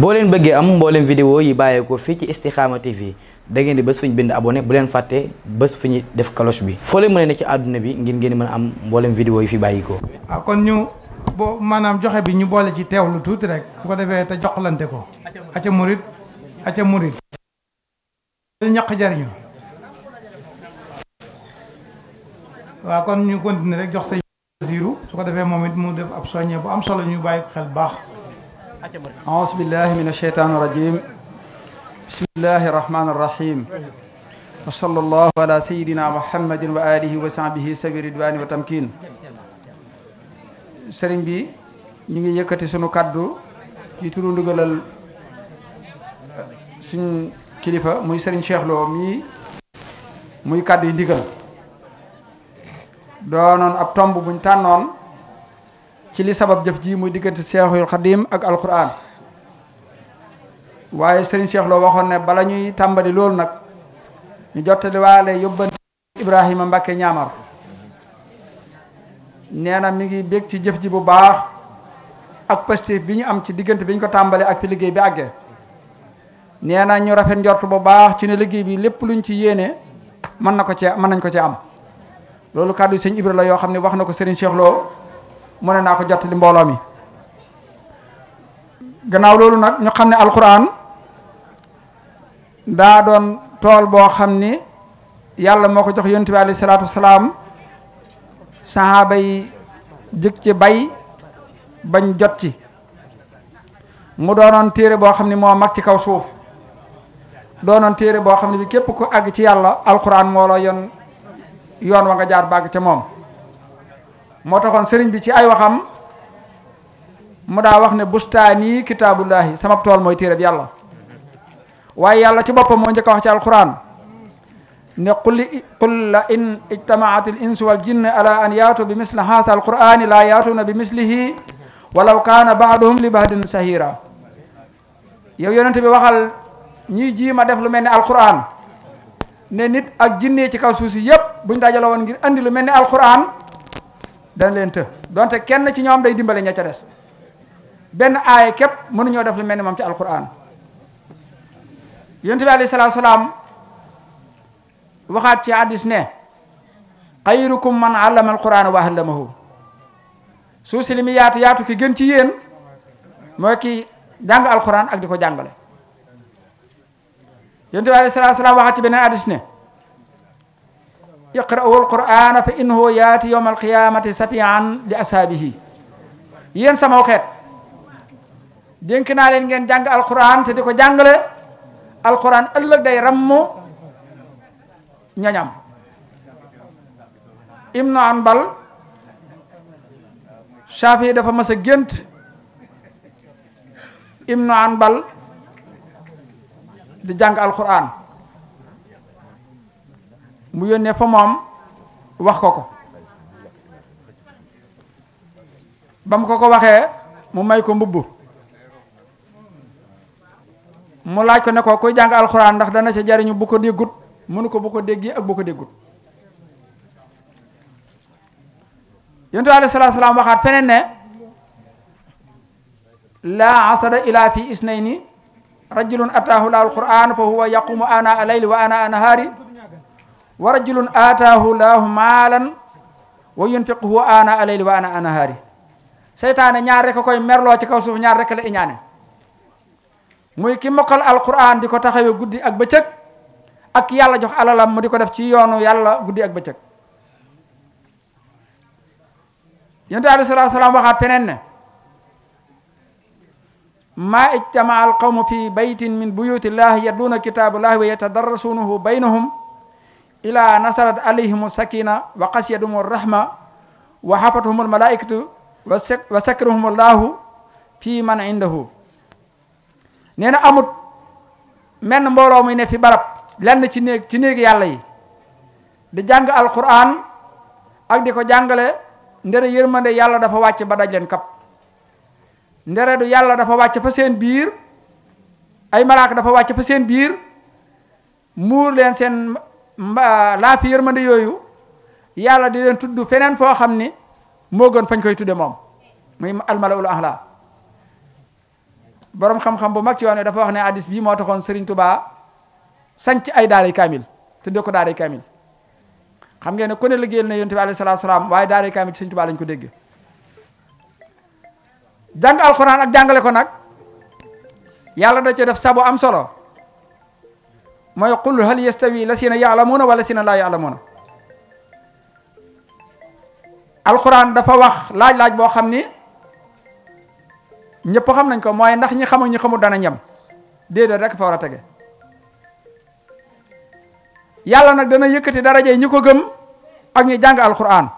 boo leen bëggee am mbooleem vidéo yi bàyyeekoo fii ci Istikhama TV da ngeen di bés fu ñu bind abonné bu leen fàtte bés fu ñu def cloche bi foo leen mën a ne ci àdduna bi ngir ngeen mën am mbooleem vidéo yi fi bàyyikoo waaw ah, kon ñu boo maanaam joxe bi ñu boole ci lu tuuti rek su ko defee te joxlante ko aca murit aca murit ñaq jariñu waaw kon ñu continuer rek jox sa siiru su ko defee moom it mu def ab soññe bu am solo ñu bàyyi xel baax أعوذ بالله من الشيطان الرجيم بسم الله الرحمن الرحيم وصلى الله على سيدنا محمد وآله وصحبه سبيل الرضوان والتمكين sëriñ bi ñu ngi yëkkati sunu kàddu yi turu ndugalal uh, kilifa muy sëriñ Cheikh Lo mii muy kaddu yi ndigal doonoon ab tomb buñ tànnoon ci li sabab jëf ji muy diggante Seexul Xadiim ak alquran waaye sëriñ Cheikh Lo waxoon ne bala ñuy tàmbali loolu nag ñu jottali waale yóbbante Ibrahima Mbacke ñaamar nee na mi ngi bég ci jëf ji bu baax ak positif bi ñu am ci diggante bi ñu ko tàmbali ak fi liggéey bi àggee nee na ñu rafet njort bu baax ci ne liggéey bi lépp luñ ci yéene mën na ko cee mën nañ ko cee am loolu kàddu sëñ Ibra la yoo xam ne wax na ko sëriñ Cheikh mu ne naa ko jottali mbooloo mi gannaaw loolu nag ñu xam ne alxuraan daa doon tool boo xam ni yàlla moo ko jox yonent bi alayhi salaatu wasalaam saxaaba yi jëkk ci bay bañ jot ci mu doonoon téere boo xam ne moo mag ci kaw suuf doonoon téere boo xam ne bi képp ko àgg ci yàlla alxuraan moo la yoon yoon wa nga jaar bàgg ca moom moo taxoon sëriñ bi ci ay waxam mu daa wax ne bustaani kitaabullaahi sama tool mooy bi yàlla waaye yàlla ci boppam moo njëkk a wax ci alquran ne quli qul la in ijtamaat insu wal jinn an yaatu bi misli haasa alqurani laa yaatuuna bi mislihi walaw kaana baaduhum li baadin sahira yow yonent bi waxal ñiy jiima def lu mel ni alquran ne nit ak jinne ci kaw suuf si yépp buñ dajale woon ngir andi lu mel ni alquran dañ leen të donte kenn ci ñoom day dimbale ña ca des benn aaya képp mënuñoo def lu mel ni moom ci alquran yonent bi alayhi salaatu waxaat ci hadis ne xayrukum man allama alquran wa allamahu suuf si li muy yaatu yaatu ki gën ci yéen mooy ki jàng alquran ak di ko jàngale yonent bi alayhi salaatu salaam waxaat ci beneen hadis ne iqra'u alqur'ana fa innahu yaati yawma alqiyamati safian li ashaabihi yéen sama xeet dénk naa leen ngeen jàng alquran te di ko jàngale alquran ëllëg day ramm ñoñam ibnu anbal Shaafi dafa mas a gént ibnu anbal di jàng alquran mu yónnee fa moom wax ko ko ba mu ko ko waxee mu may ko mbubb mu laaj ko ne ko kuy jàng alxuraan ndax dana ci jariñu bu ko déggut mënu ko bu ko déggee ak bu ko déggut yontu alayhi salaatu salaam waxaat feneen ne laa asada ilaa fi isnayni rajulun ataahu laa alquran fa huwa yaqumu ana alayli wa ana anahaari wa rajulun aataahu laahu maalan wa yunfiquhu ana alayli wa ana anahaari seytaane ñaar rek koy merloo ci kaw suuf ñaar rek la iñaane muy ki mokkal di ko taxawee guddi ak bëccëg ak yàlla jox alalam mu di ko def ci yoonu yàlla guddi ak bëccëg yonent bi sallallahu alayhi wasallam waxaat feneen ne maa ijtamaa alqawmu fi baytin min buyuti llahi yatluuna kitaabullahi wa yatadarrasuunahu baynahum ilaa nasarat alayhimu sakina wa xasiyadumu rahma wa xafatuhumu almalaikatu wa sakirahum laahu fii man indahu nee na amut menn mbooloo muy ne fi barab lenn ci néeg ci néeg yàlla yi di jàng alquran ak di ko jàngale ndere yërmande yàlla dafa wàcc ba daj leen kap ndere du yàlla dafa wàcc fa seen biir ay malaaka dafa wàcc fa seen biir muur leen seen mba laa fi yooyu yàlla di leen tudd feneen foo xam ni moo gën fañ koy tudde moom muy almala ul ahla borom xam-xam bu mag ci yoon dafa wax ne addis bii moo taxoon Serigne Touba sanc ay daaray kaamil tudde ko daaray kaamil xam ngeen ne ku ne liggéeyal na yonent bi alayhi salaatu salaam waaye daaray kaamil Serigne Touba lañ ko dégg jàng alxuraan ak jàngale ko nag yàlla da cee def sabu am solo mooy qul hal yastawi lasina yaalamuuna wa lasina laa yaalamuuna alxuraan dafa wax laaj-laaj boo xam ni ñëpp xam nañ ko mooy ndax ñi xamul ñi xamul dana ñam déedéet rek fa war a tege yàlla nag dana yëkkati daraje ñi ko gëm ak ñi jàng alxuraan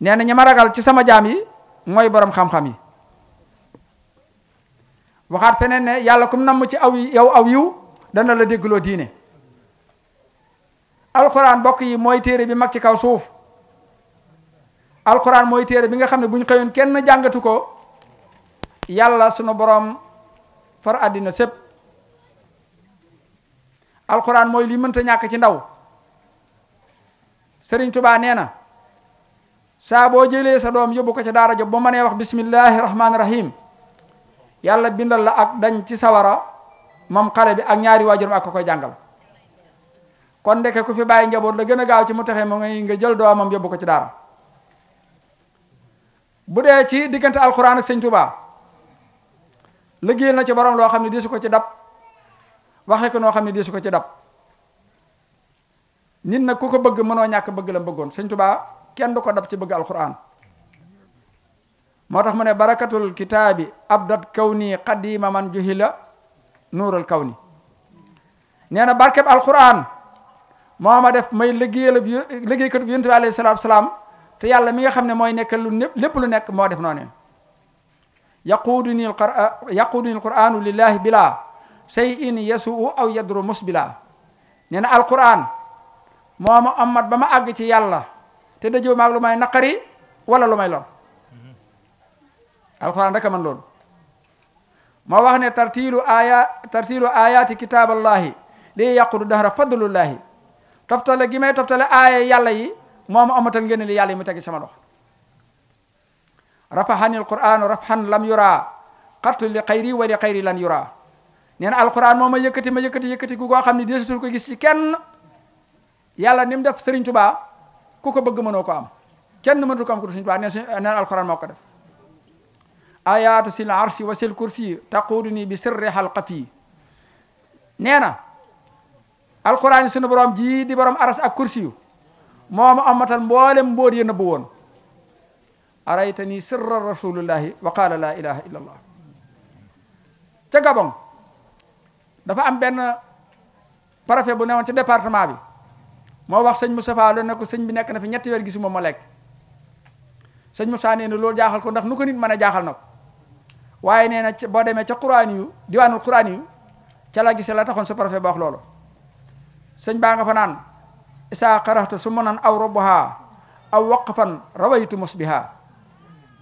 nee na ñi ma ragal ci sama jaam yi mooy borom xam-xam yi waxaat feneen ne yàlla kum namm ci aw yow aw yiw dana la déggloo diine alxuraan bokk yi mooy téere bi mag ci kaw suuf alxuraan mooy téere bi nga xam ne bu ñu kenn jàngatu ko yàlla sunu boroom far àddina sépp alxuraan mooy li mënta ñàkk ci ndaw sëriñ tubaa nee na saa boo jëlee sa doom yóbbu ko ca daara job ba mënee wax bismillahi rahmaani rahim yàlla bindal la ak dañ ci sawara moom xale bi ak ñaari waajuram ak ko koy jàngal kon ndeke ku fi bàyyi njaboot la gën a gaaw ci mu texee mu ngay nga jël doomam yóbbu ko ci daara bu dee ci diggante alxuraan ak sëñ tubaa liggéeyal na ci boroom loo xam ne diisu ko ci dab waxee ko noo xam ne diisu ko ci dab nit nag ku ko bëgg mënoo ñàkk bëgg la bëggoon sëñ tubaa kenn du ko dab ci bëgg alxuraan moo tax mu ne barakatul kitaabi abdat kaw nii qadima man la nuural kaw ni nee na barkeb alquran moo ma def may liggéeyal ab liggéeykat bi yonent bi alayhi salaam te yàlla mi nga xam ne mooy nekkal lu lépp lu nekk moo def noonu yaquuduni yaquuduni alquranu lillahi bila sey in yasuu aw yadru mus bila nee na alquran moo ma amat ba ma àgg ci yàlla te dajoo maag lu may naqari wala lu may lor alquran rek a man loolu moo wax ne tartilu aya tartilu ayati kitaaballahi lii yàqudu dahra fadlullahi toftale gi may toftale aaya yàlla yi moom amatal ngeen li yàlla yi mu tegi sama dox rafaxanil quranu rafaxan lam yura xattu li xayri wa li xayri lan yura nee na alquran moom ma yëkkati ma yëkkati yëkkati ku koo xam ne deesutul ko gis ci kenn yàlla ni mu def Sëriñ tuba ku ko bëgg mënoo ko am kenn mënatu ko am ko Sëriñ Tubaa neen alquran moo ko def ayaatu sil arshi wa sil kursi taquudu nii bi sirri xalqati nee na alquran yi sunu borom jii di borom aras ak kursi yu moomu amatal mboolem mbóot yi nëbbu woon arayta nii sirra rasulullahi wa qaala laa ilaha illa allah ca dafa am benn préfet bu newoon ci département bi moo wax sëñ Moustapha loolu ne ko sëñ bi nekk na fi ñetti weer gisuma ma lekk sëñ Moussa nee na loolu jaaxal ko ndax nu ko nit mën a jaaxal na waaye nee na boo demee ca quraan yu diwaanul quraan yu ca la gise la taxoon su préfet ba wax loolu baa nga fanaan naan isaa xaraxta su munan aw roboha aw waqfan rawaytu musbiha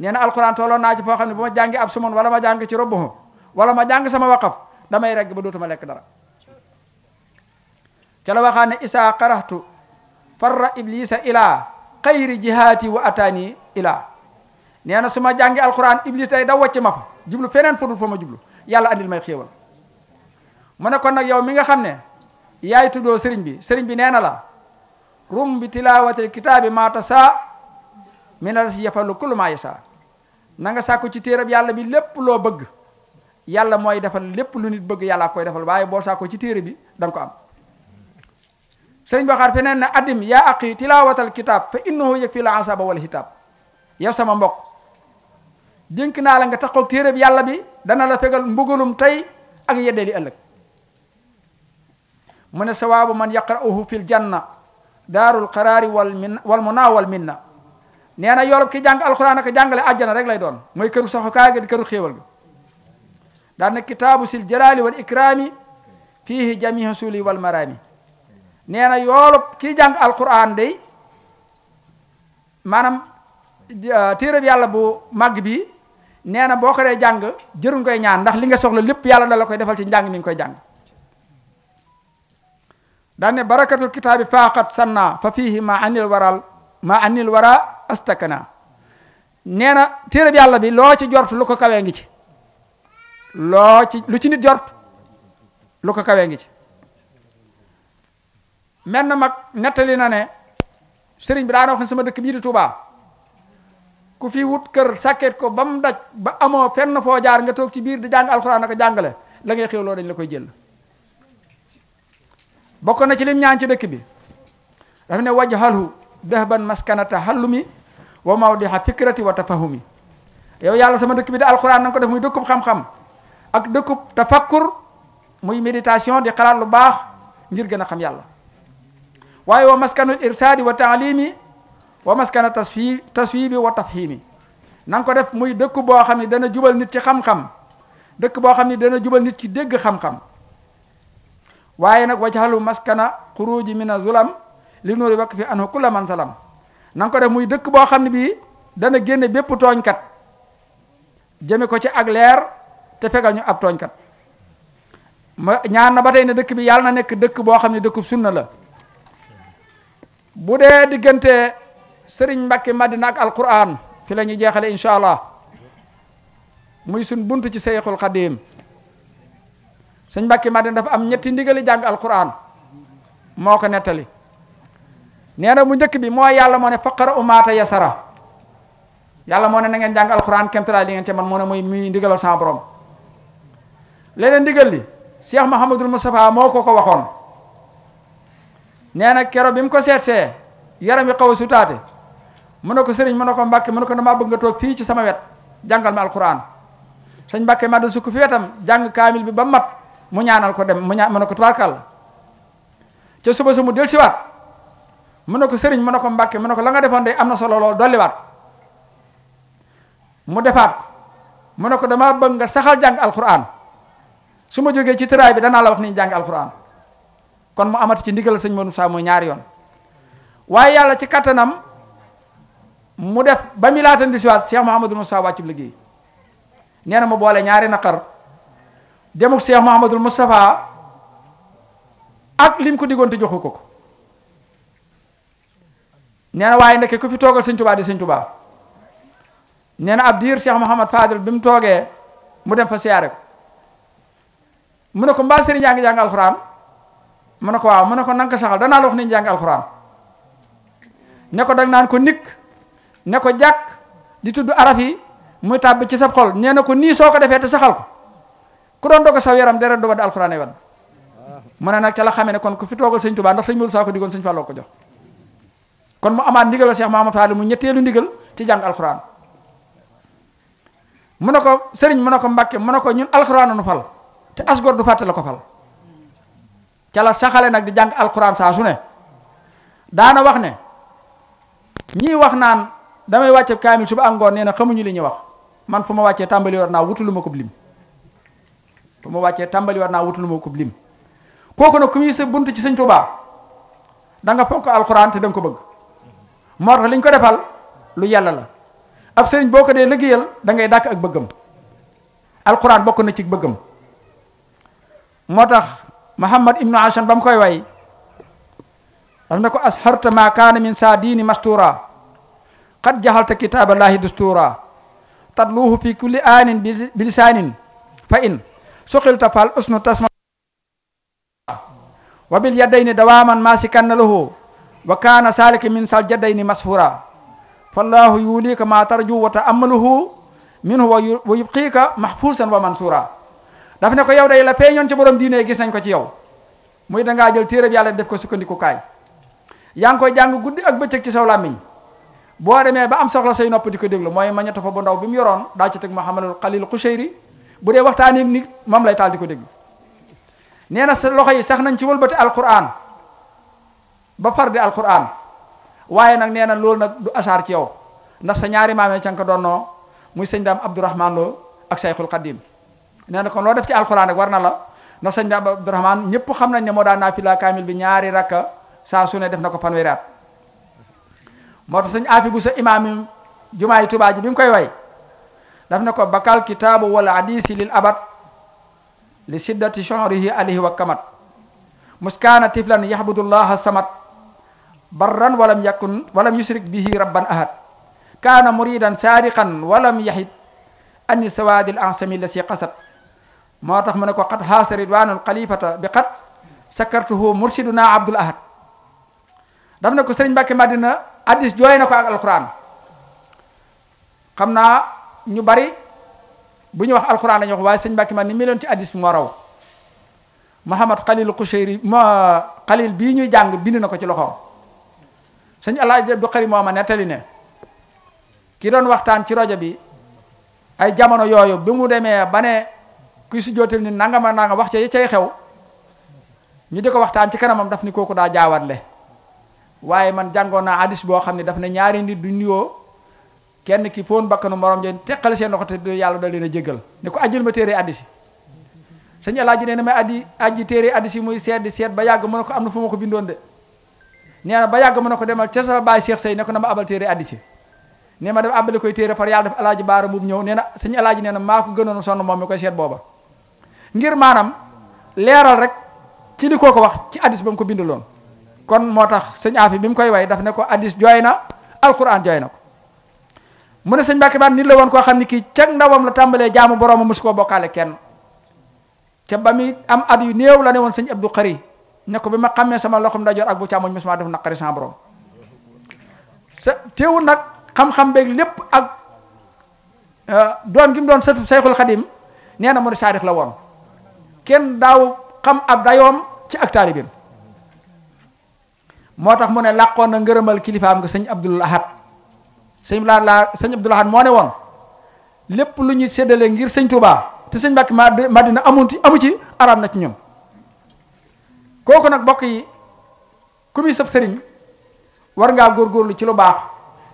nee na alquran tooloon naa ci foo xam ne boo ma jàngi ab sumun wala ma jàng ci roboho wala ma jàng sama waqaf damay regg ba dootuma lekk dara ca la waxaa ne isaa xaraxtu farra iblisa ilaa xayri jihaati wa ilaa nee na su ma jàngi alquran iblis tey da wacc ma fa jublu feneen fudul fa ma jublu yàlla andil may xéewal mu ne kon nag yow mi nga xam ne yaay tuddoo sëriñ bi sëriñ bi nee na la rum bi tilaawatil kitaabi maata saa mi na la si yafalu kullu maa yasa na nga sàkku ci bi yàlla bi lépp loo bëgg yàlla mooy defal lépp lu nit bëgg yàlla koy defal waaye boo sàkku ci téere bi da nga ko am sëriñ baxaar feneen ne addim yaa aqi tilaawatal kitaab fa innahu yëg fii la ansaba wala hitaab yow sama mbokk dénk naa la nga taxaw téereb yàlla bi dana la fegal mbugalum tey ak yeddeeli ëllëg mu ne sawaabu man yaqra'uhu fil janna daarul qaraari wal min wal munaa wal minna nee na yoolub ki jàng alxuraan ak jàngale àjjana rek lay doon mooy këru saxukaay ga di këru xéewal ga daan na kitaabu sil jalaali wal ikraami fiihi jamihi nee na yoolub ki jàng alxuraan day maanaam ah, téereb yàlla bu màgg bi nee na boo ko dee jàng jëruñ koy ñaan ndax li nga soxla lépp yàlla dala koy defal ci njàng mi koy jàng daan ne barakatul kitaabi faaqat sanna fa fiihi ma anil waral ma anil wara astakana nee na téereb yàlla bi loo ci jort lu ko kawee ngi ci loo ci lu ci nit jort lu ko kawee ngi ci mel na mag nettali na ne sëriñ bi daana wax ne sama dëkk bii di ku fi wut kër sàkket ko ba mu daj ba amoo fenn foo jaar nga toog ci biir di jàng alxuraan ak jàngale la ngay xewloo dañ la koy jël bokk na ci lim ñaan ci dëkk bi dafa ne wajhalhu dahban maskanata hallumi wa mawdiha fikrati wa tafahumi yow yàlla sama dëkk bi di alxuraan na ko def muy dëkkub xam-xam ak dëkkub tafakkur muy méditation di xalaat lu baax ngir gën a xam yàlla waaye wa maskanul irsaadi wa taalimi wa maskana tasfi tasfibi wa tafhimi na nga ko def muy dëkk boo xam ne dana jubal nit ci xam-xam dëkk boo xam ne dana jubal nit ci dégg xam-xam waaye nag wajaxalu maskana xuruji mina zulam li nuuri wakk fi anhu kulla man salam na ko def muy dëkk boo xam ne bii dana génne bépp tooñkat jëme ko ci ak leer te fegal ñu ab tooñkat ma ñaan na ba tey ne dëkk bi yàlla na nekk dëkk boo xam ne dëkku sunna la bu dee diggante sëriñ Mbacke Madina ak alquran fi la ñuy jeexale incha allah muy suñ bunt ci Seyxul Xadim sëñ Mbacke Madina dafa am ñetti ndigali jàng alquran moo ko nettali nee na bu njëkk bi mooy yàlla moo ne faqara umaata yasara yàlla moo ne na ngeen jàng alquran kemtalaay li ngeen ci man moo ne muy muy ndigalal sama borom leneen ndigal li Cheikh Mahamadul Moustapha moo ko ko waxoon nee na kero bi mu ko seetsee yaram wi xaw a mu ne ko sëriñ mu ne ko mbakke mu ne ko damaa bëgg nga toog fii ci sama wet jàngal ma alquran sëñ mbàkke ma da sukk fi wetam jàng kaamil bi ba mat mu ñaanal ko dem mu ñaan mu ne ko tubaarkàlla suba su mu del siwaat mu ne sëriñ mu ne ko mbàkke mu ne ko la nga defoon day am na solo lool dolliwaat mu defaat ko mu ne ko damaa bëgg nga saxal jàng alquran su ma jógee ci tëraay bi danaa la wax ni jàng alquran kon mu amati ci ndigal sëñ Manoune saa mooy ñaari yoon waaye yàlla ci kattanam. mu def ba mi laatan di siwaat Cheikh Mouhamadul Moustapha wàccub liggéey nee na mu boole ñaari naqar demuk Cheikh Mouhamadul Moustapha ak lim ko diggoon te joxu ko ko nee na waaye ndekke ku fi toogal sëñ Tuubaa di sëñ Tuubaa nee na ab diir Cheikh Mouhamad Fadil bi mu toogee mu dem fa siyaare ko mu ne ko mbaa sëriñ yaa ngi jàng alxuraan mu ne ko waaw mu ne ko nanka saxal danaa la wax ni jàng alxuraan ne ko dag naan ko nikk ne ko jàkk di tudd araf yi muy tàbb ci sa xol nee na ko nii soo ko defee te saxal ko ku doon doog a saw yaram dara duba di alxuraan ay wan mu ne nag ca la xamee ne kon ku fi toogal sëñ Tuubaa ndax sëñ Moodu saa ko digoon sëñ Falloo ko jox kon mu amaat ndigal la Cheikh Mahamadou Fall mu ñetteelu ndigal ci jàng alxuraan mu ne ko sëriñ mu ne ko mbakke mu ne ko ñun alxuraan nu fal te asgor du fàtte la ko fal ca la saxale nag di jàng alxuraan saa su wax ne wax naan damay wàcce kaamil suba ak ngoon nee na xamuñu li ñuy wax man fu ma wàccee tàmbali war naa wutu lu ma ko lim ma wàccee tàmbali naa wutu lu ma kooku nag ku muy sa bunt ci sañ Tuubaa da nga fonk alxuraan te da ko bëgg moo tax li ko defal lu yàlla la ab sëriñ boo ko dee liggéeyal dangay ngay dàkk ak bëggam alxuraan bokk na ci bëggam moo tax Muhammad ibnu Ashan ba mu koy way daf ne ko asharta ma kaana min saa diini mastuura qad jaxalta kitaaballahi dustuura tatluuhu fi kulli aanin bi lisaanin fa in suqilta fal usnu tasma wa bil yadayni dawaaman maasikanna lahu wa kaana saalika min sal jadayni mashura fallahu yuuliika maa tarju wa taamaluhu minhu wa yubqiika mahfuusan wa mansuura daf ne ko yow day la feeñoon ci borom diine gis nañ ko ci yow muy dangaa jël téereb yàlla def ko sukkandiku kaay yaa ngi koy jàng guddi ak bëccëg ci saw làmmiñ boo demee ba am soxla say nopp di ko déglu mooy maññeto fa bu ndaw bi mu yoroon daa ci teg Muhammadul Xalil Qushayri bu dee waxtaan yi nit moom lay taal di ko déglu nee na sa loxo yi sax nañ ci wëlbati alquran ba far di alquran waaye nag nee na loolu nag du asaar ci yow ndax sa ñaari maamee ca nga ko donnoo muy sëñ daam Abdourahman Lo ak Sayxul Xadim nee na kon loo def ci alquran rek war na la ndax sëñ daam Abdourahman ñëpp xam nañ ne moo daan naafila kaamil bi ñaari rakka saa su ne def na ko fanweeri moo tax sëñ aafi bu sa imaam jumaa yi tubaa ji bi mu koy way daf ne ko bakal kitaabu wala hadisi lil abad li siddati shonrihi alayhi wa kamat muskaana tiflan yahbudullaha samat barran walam yakun walam yusrik bihi rabban ahad kaana muridan saariqan walam yahid ani sawaadil ansami la si qasat moo tax mu ne ko xat xaasa ridwaanul xalifata bi xat sakartuhu mursiduna abdul ahad daf ne ko sëriñ Mbàkke Madina addis jooy na ko ak alxuraan xam naa ñu bari bu ñu wax alxuraan la ñu wax waaye sëñ Mbàkke man ni meloon ci addis bi moo raw Muhammad Xalil Qushayri ma Xalil bii ñuy jàng bind na ko ci loxoom sëñ Alaaji Abdu Xari moo ma nettali ne ki doon waxtaan ci rajo bi ay jamono yooyu bi mu demee ba ne kuy si jootal ni nangama nanga wax ca yi cay xew ñu di ko waxtaan ci kanamam daf ni kooku daa jaawatle waaye man jàngoon naa hadis boo xam ne daf ne ñaari nit du nuyoo kenn ki foon bakkanu moroom jën teqal seen loxo te du yàlla da leen a jégal ne ko ajjul ma téere hadis yi sëñ Alaaji nee na may aji aji téere hadis yi muy seet ba yàgg mu ne ko am na fu ko bindoon de nee ba yàgg mu ne ko demal ca sa baay Cheikh Sey ne ko na ma abal téere hadis yi ne ma def abale koy téere par yàlla def alaaji baara buubu ñëw nee na sëñ alaaji nee na maa ko gënoon sonn moom mi koy seet booba ngir maanaam leeral rek ci li koo ko wax ci addis ba mu ko bind bindaloon kon moo tax sëñ Afi bi mu koy way daf ne ko addis jooy na alquran jooy na ko mu ne sëñ Mbàkke Baat nit la woon koo xam ne kii ca ndawam la tàmbalee jaamu borooma mosu koo bokkaale kenn ca ba muy am at yu néew la ne woon sëñ Abdou Khari ne ko bi ma xammee sama loxom ndajoor ak bu càmmoñ mosuma def naqari sans borom sa teewul nag xam-xam beeg lépp ak euh, doon gi mu doon sëtu Seyxul Xadim nee na mu ne saadix la woon kenn daaw xam ab dayoom ci ak taalibeem moo tax mu ne làqoon na ngërëmal am nga sëñ Abdul Ahad sëñ laa laa sëñ Abdul Ahad moo ne woon lépp lu ñuy séddale ngir sëñ Touba te sëñ ma Madina amunti amu ci araam na ci ñun kooku nag bokk yi ku sab sëriñ war ngaa góorgóorlu ci lu baax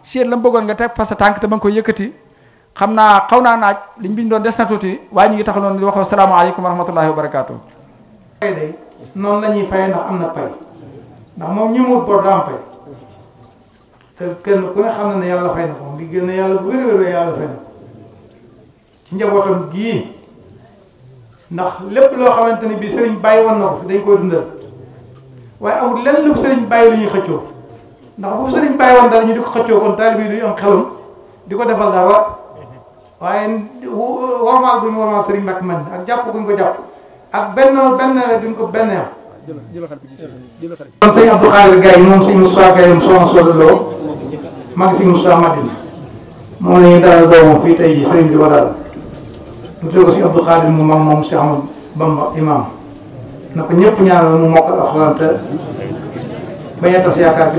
seet la mu bëggoon nga teg fa sa tànk te ba nga koy yëkkati xam naa xaw naa naaj liñ biñ doon des na tuuti waaye ñu ngi taxaloon di wax asalaamaaleykum wa rahmatullahi wa barakaatu. noonu la ñuy fay na pay. ndax moom ñëmut bor dampay te kenn ku ne xam na ne yàlla fay na ko moom li gën a yàlla bu wér wér yàlla fay na ko ci njabootam gii ndax lépp loo xamante ni bi sëriñ bàyyi woon na ko fi dañ koy dundal waaye amul lenn lu sëriñ bàyyi lu ñuy xëccoo ndax bu sëriñ bàyyi woon dara ñu di ko xëccoo kon taalibe yi du ñu am xelum di ko defal dara waaye warmaal guñ warmaal sëriñ Mbàkke man ak jàpp guñ ko jàpp ak benn benn duñ ko benn kon sëñ Abdou Khadir Gaye moom sëñ Moussa Gaye moom soxna moom la ñuy dalal doomam fii tey jii bi di ko dalal mu ko sëñ Abdou Khadir mu mag moom Cheikh Ahmadou Bamba imam na ko ñëpp ñaanal mu mokkal a tas yaakaar ci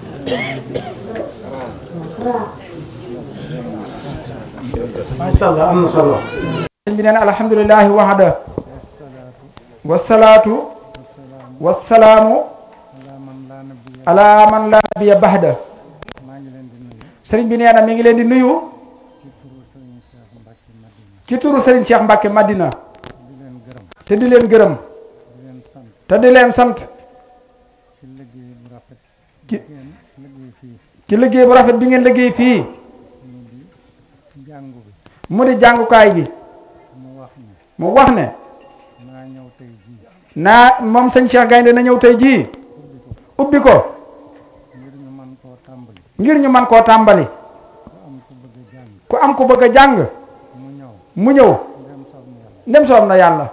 incha allah am na solo. sëñ bi nee na alhamdulilahi waxda wasalaatu wasalaamu ala man laa nabiya baxda sëriñ bi nee na mi ngi leen di nuyu ci turu sëriñ Cheikh Mbacke Madina te di leen gërëm te di leen sant ci liggéey bu rafet bi ngeen liggéey fii mu di jàngukaay bi mu wax ne naa moom sëñ Cheikh Gaynde na ñëw tey jii ubbi ko ngir ñu man koo tàmbali ku am ko bëgg a jàng mu ñëw ndem soob na yàlla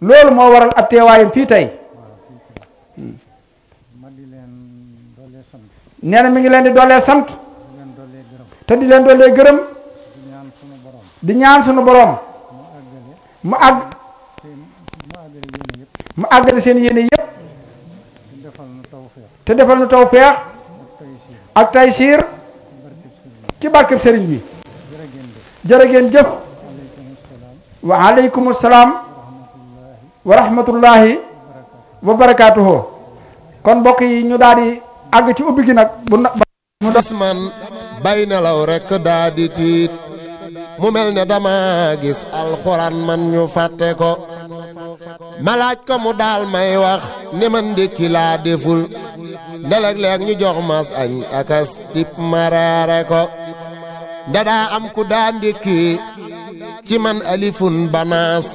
loolu moo waral ab teewaayam fii tey nee mi ngi leen di doolee sant te di leen doolee gërëm di ñaan sunu boroom mu àgg mu àggale seen yéene yépp te defal nu taw feex ak tay siir ci barkeb sëriñ bi jërë jëf wa aleykum salaam wa wa barakaatuhu kon mbokk yi ñu daal di àgg ci ubbi gi nag bu na. bay nelaw rekk daa di tiit mu mel ne dama gis alxuraan man ñu fàtte ko malaaj ko mu daal may wax ni man ndékki laa deful ndeleg-leeg ñu jox mas añ akas tip maraare ko nda daa am ku daa ndékki ci man alifun banaas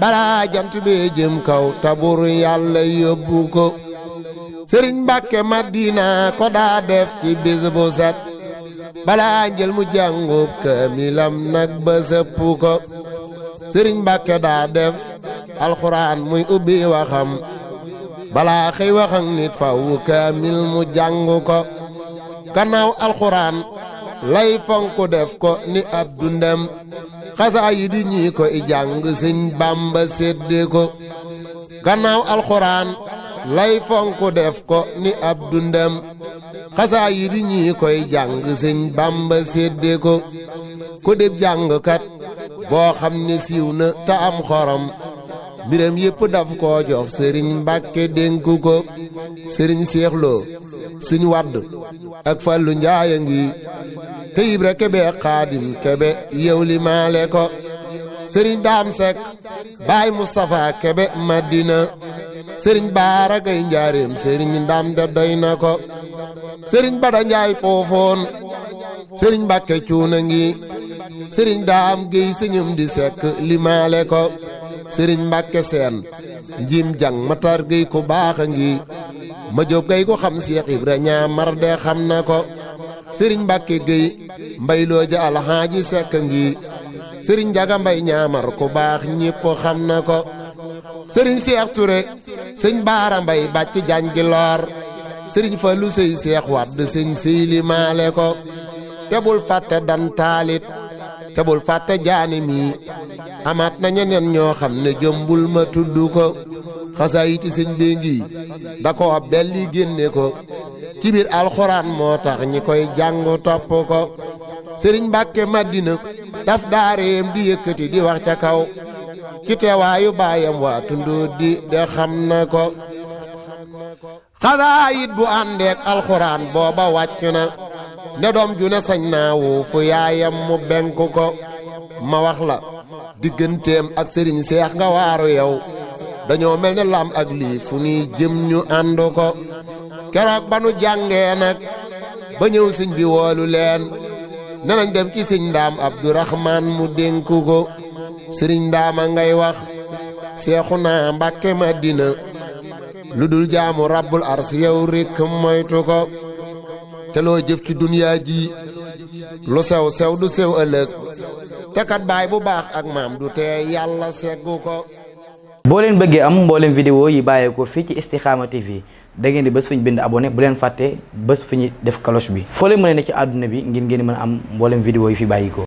balaa bee jëm kaw tabur yàlla yóbbu ko sëriñ mbàkke madina ko daa def ci bis set balaa jël mu jàngub kaamilam nag ba sëpp ko sëriñ Mbàkke daa def alxuraan muy ubbi waxam balaa xëy wax ak nit faw kaamil mu jàng ko gannaaw alxuraan lay fonku def ko ni ab dundam xasaa yi di ñii ko i jàng sëñ Bàmba sédde ko gannaaw alxuraan lay fonku def ko ni ab dundam xasaayid yi ñii koy jàng sëñ bàmba séddee ko ko deb jàngkat boo xam ne siiw na te am xorom mbiram yépp daf koo jox sëriñ mbàkke dénku ko sëriñ seexloo sëñ wadd ak fàllu njaaya ngi te ibra kebe xaadim kebe yow li maale ko sëriñ daam sek baay mustapha kebe madina sëriñ baara gay njaareem sëriñ ndam doy na ko sëriñ Bada Njaay poofoon sëriñ Mbàkke cuuna ngi sëriñ daam géy sëñëm di sekk limaale ko sëriñ Mbàkke seen njiim jang matar géy ko baax a ngi ma jóob gay ko xam Seex Ibra ñaa de xam na ko sëriñ Mbàkke géy mbaylooja alxaaji sekk ngi sëriñ jaga mbay ñaamar ko baax ñépp xam na ko sëriñ Seex Ture sëñ baara mbay jaañ gi sëriñ fa lu sëy seex wadd sëñ sëy li maale ko tebul fàtte dantaalit tebul fàtte jaani mii amaat na ñeneen ñoo xam ne jombul ma tudd ko xasaayiti sëñ bee da ko belli génne ko ci biir alxuraan moo tax ñi koy jàng topp ko sëriñ Mbàkke Madina daf daareem di yëkkati di wax ca kaw ci teewaayu baayam waa tundóo di de xam na ko xasaayit bu àndeek alxuraan booba wàcc na ne doom ju ne sañ naa wuufu yaayam mu benku ko ma wax la digganteem ak sëriñ seex nga waaru yow dañoo mel ne lam ak lii fu nii jëm ñu ànd ko keroog ba nu jàngee nag ba ñëw sëñ bi woolu leen ne nañ ci sëñ ndaam abduraxmaan mu dénku ko sëriñ ndaam a ngay wax seexu naa mbàkke madina lu dul jaamu rabbul ars yow rekk moytu ko te loo jëf ci duniyaa ji lu sew sew du sew ëllëg te kat baay bu baax ak maam du te yàlla seggu ko boo leen bëggee am mboolem vidéo yi bàyyeekoo fii ci Istikhama fii da ngeen di bés fu ñu bind abonné bu leen fàtte bés fu ñu def cloche bi foo leen mën ne ci àdduna bi ngir ngeen mën a am mboolem vidéo yi fi bàyyikoo